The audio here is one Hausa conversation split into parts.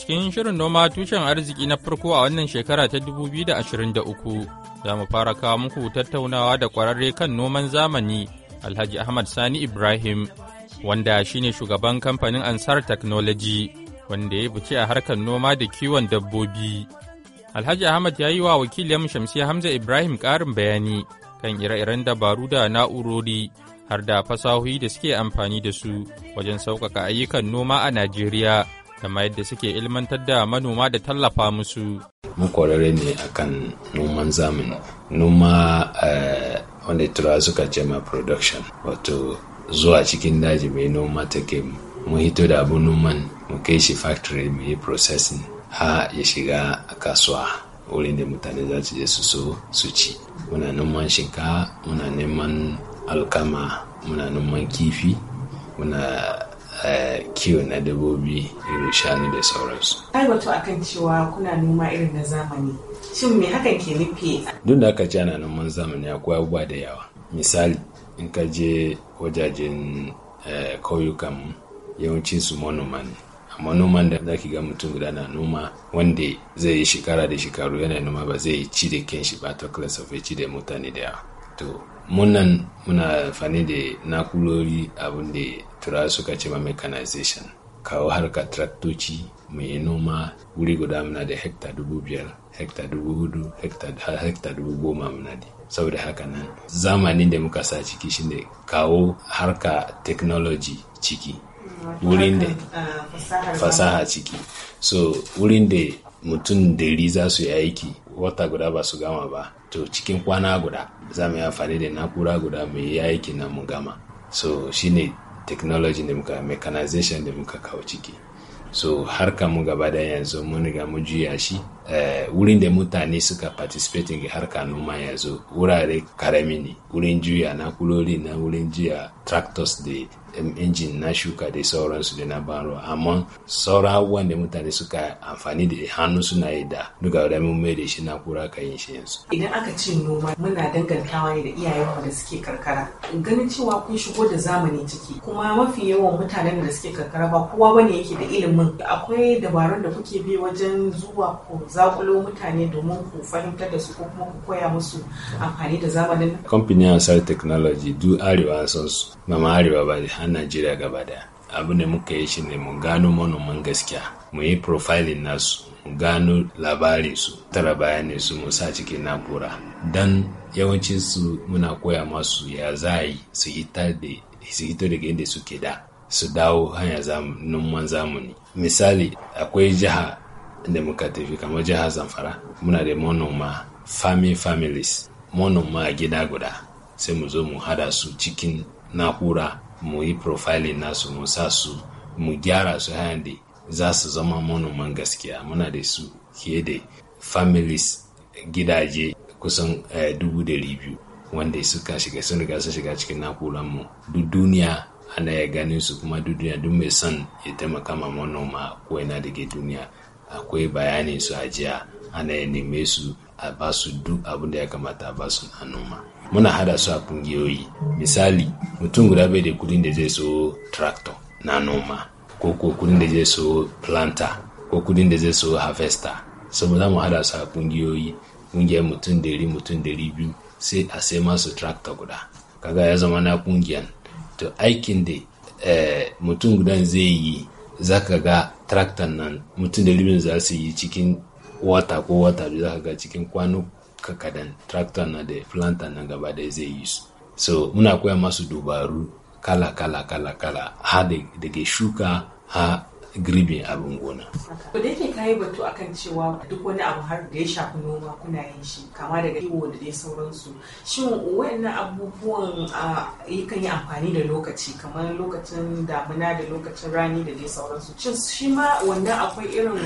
cikin shirin noma tushen arziki na farko a wannan shekara ta 2023 za mu fara kawo muku tattaunawa da kwararre kan noman zamani Alhaji Ahmad Sani Ibrahim wanda shine shugaban kamfanin Ansar Technology wanda ya fice a harkar noma da kiwon dabbobi. Alhaji Ahmad ya yi wa wakilin Shamsiya Hamza Ibrahim ƙarin bayani kan ire-iren dabaru da na'urori har da fasahohi da suke amfani da su wajen sauƙaƙa ayyukan noma a Najeriya. kama yadda suke ilmantar da manoma da tallafa musu. Mun kwararre ne akan noman zamani, noma eh, wanda tura suka ce ma production, wato zuwa cikin daji mai noma take mu hito da abun noman mu kai shi factory mu yi processing ha ya shiga a kasuwa wurin da mutane za su je su so su ci. Muna noman shinkafa, muna neman alkama, muna noman kifi, muna kiwo na dabobi irin shanu da sauransu. Ai wato akan cewa kuna noma irin na zamani. Shin me hakan ke nufi? Duk da aka ce ana noman zamani akwai abubuwa da yawa. Misali in ka je wajajen eh, kauyukan yawanci su manoma ne. Amma noman da za ga mutum guda na noma wanda zai yi shekara da shekaru yana noma ba zai ci da kenshi ba ta class of ci da mutane da yawa. to munan muna fani da nakulori abin da tura suka ce ma mechanization kawo harka traktoci mai noma wuri guda muna da hekta dubu biyar hekta dubu hudu hekta dubu goma muna da saboda haka nan zamanin da muka sa ciki shine kawo harka technology ciki wurin da ah, fasaha ciki so wurin da mutum dari za su yi aiki wata guda ba su gama ba to cikin kwana guda za mu yi amfani da nakura guda mu yi aiki na mu gama so shine technology da muka mechanization da muka kawo ciki so harka mu gaba da yanzu mun riga mu juya shi Eh, wurin da mutane suka participate ga harka noma yanzu wurare karami ne wurin juya na kulori na wurin juya tractors da injin na shuka da sauransu da na baro amma saura abubuwan da mutane suka amfani da hannu suna yi da duka wadda mun mai da shi na kura ka yin shi yanzu. Idan aka ce noma muna dangantawa ne da iyayenmu da suke karkara ganin cewa kun shigo da zamani ciki kuma mafi yawan mutanen da suke karkara ba kowa bane yake da ilimin akwai dabarun da kuke bi wajen zuwa ko zakulo mutane domin ku fahimtar da su ko kuma ku koya musu amfani da zamanin kamfanin ansar technology duk arewa san su mama arewa ba a najeriya gaba daya abu ne muka yi shi ne mu gano manoman gaskiya mu yi profiling nasu mu gano labarin su tara bayanin su mu sa cikin na'ura dan yawancin su muna koya masu ya za yi su hita da su hito daga inda suke da su dawo hanya noman zamani misali akwai jiha da muka tafi kamar jihar zamfara muna da manoma family families manoma a gida guda sai mu zo mu hada su cikin na'ura mu yi profiling nasu mu sa su mu gyara su hayan za su zama manoman gaskiya muna da su fiye da families gidaje kusan eh, dubu da biyu wanda suka shiga sun riga sun shiga cikin na'urar mu duk duniya ana ya ganin su kuma duk duniya duk mai son ya taimaka ma manoma ko ina da ke duniya akwai bayanin su a jiya ana ya neme su a ba su duk abin ya kamata ba su a noma muna hada su a kungiyoyi misali mutum guda bai da kudin da zai so tractor na noma ko ko kudin da zai so planter ko kudin da zai so harvester saboda mu hada su a kungiyoyi kungiyar mutum dari mutum dari biyu sai a sai masu tractor guda kaga ya zama na kungiyan to aikin da eh, mutum guda zai yi za ka ga traktan nan mutum da ribin za su yi cikin wata ko wata biyu za ka ga cikin kwano kadan traktan na da plantan nan gaba da zai yi su so muna koya masu dubaru kala kala kala kala ha daga shuka ha girbin abin gona. Ko da yake kayi batu akan cewa duk wani abu har da ya shafi noma kuna yin shi kama daga kiwo da dai sauransu. Shin wayannan abubuwan yakan yi amfani da lokaci kamar lokacin damina da lokacin rani da dai sauransu. Shin shi ma wannan akwai irin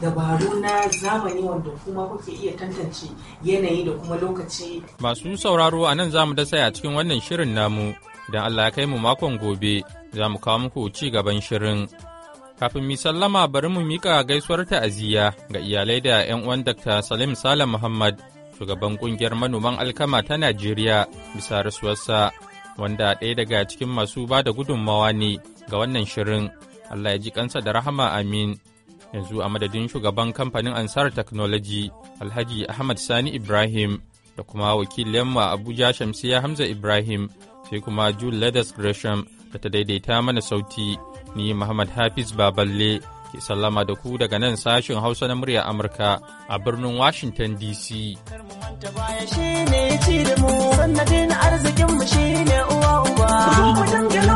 dabaru na zamani wanda kuma kuke iya tantance yanayi da kuma lokaci. Masu sauraro a nan za mu dasa a cikin wannan shirin namu. Idan Allah ya kai mu makon gobe, za mu kawo muku ci gaban shirin. Kafin mi sallama bari mu mika gaisuwar ta'aziyya ga iyalai da 'yan uwan Dr. Salim Salam Muhammad, shugaban ƙungiyar manoman alkama ta Najeriya bisa rasuwarsa, wanda ɗaya daga cikin masu ba da gudunmawa ne ga wannan shirin. Allah ya ji kansa da rahama amin. Yanzu a madadin shugaban kamfanin Ansar Technology, Alhaji Ahmad Sani Ibrahim, da kuma wakilin a Abuja Shamsiya Hamza Ibrahim, sai kuma Jule Ledes Gresham. da ta daidaita mana sauti ni Muhammad Hafiz Baballe ke sallama da ku daga nan sashen Hausa na murya Amurka a birnin Washington DC. arzikin mu shine uwa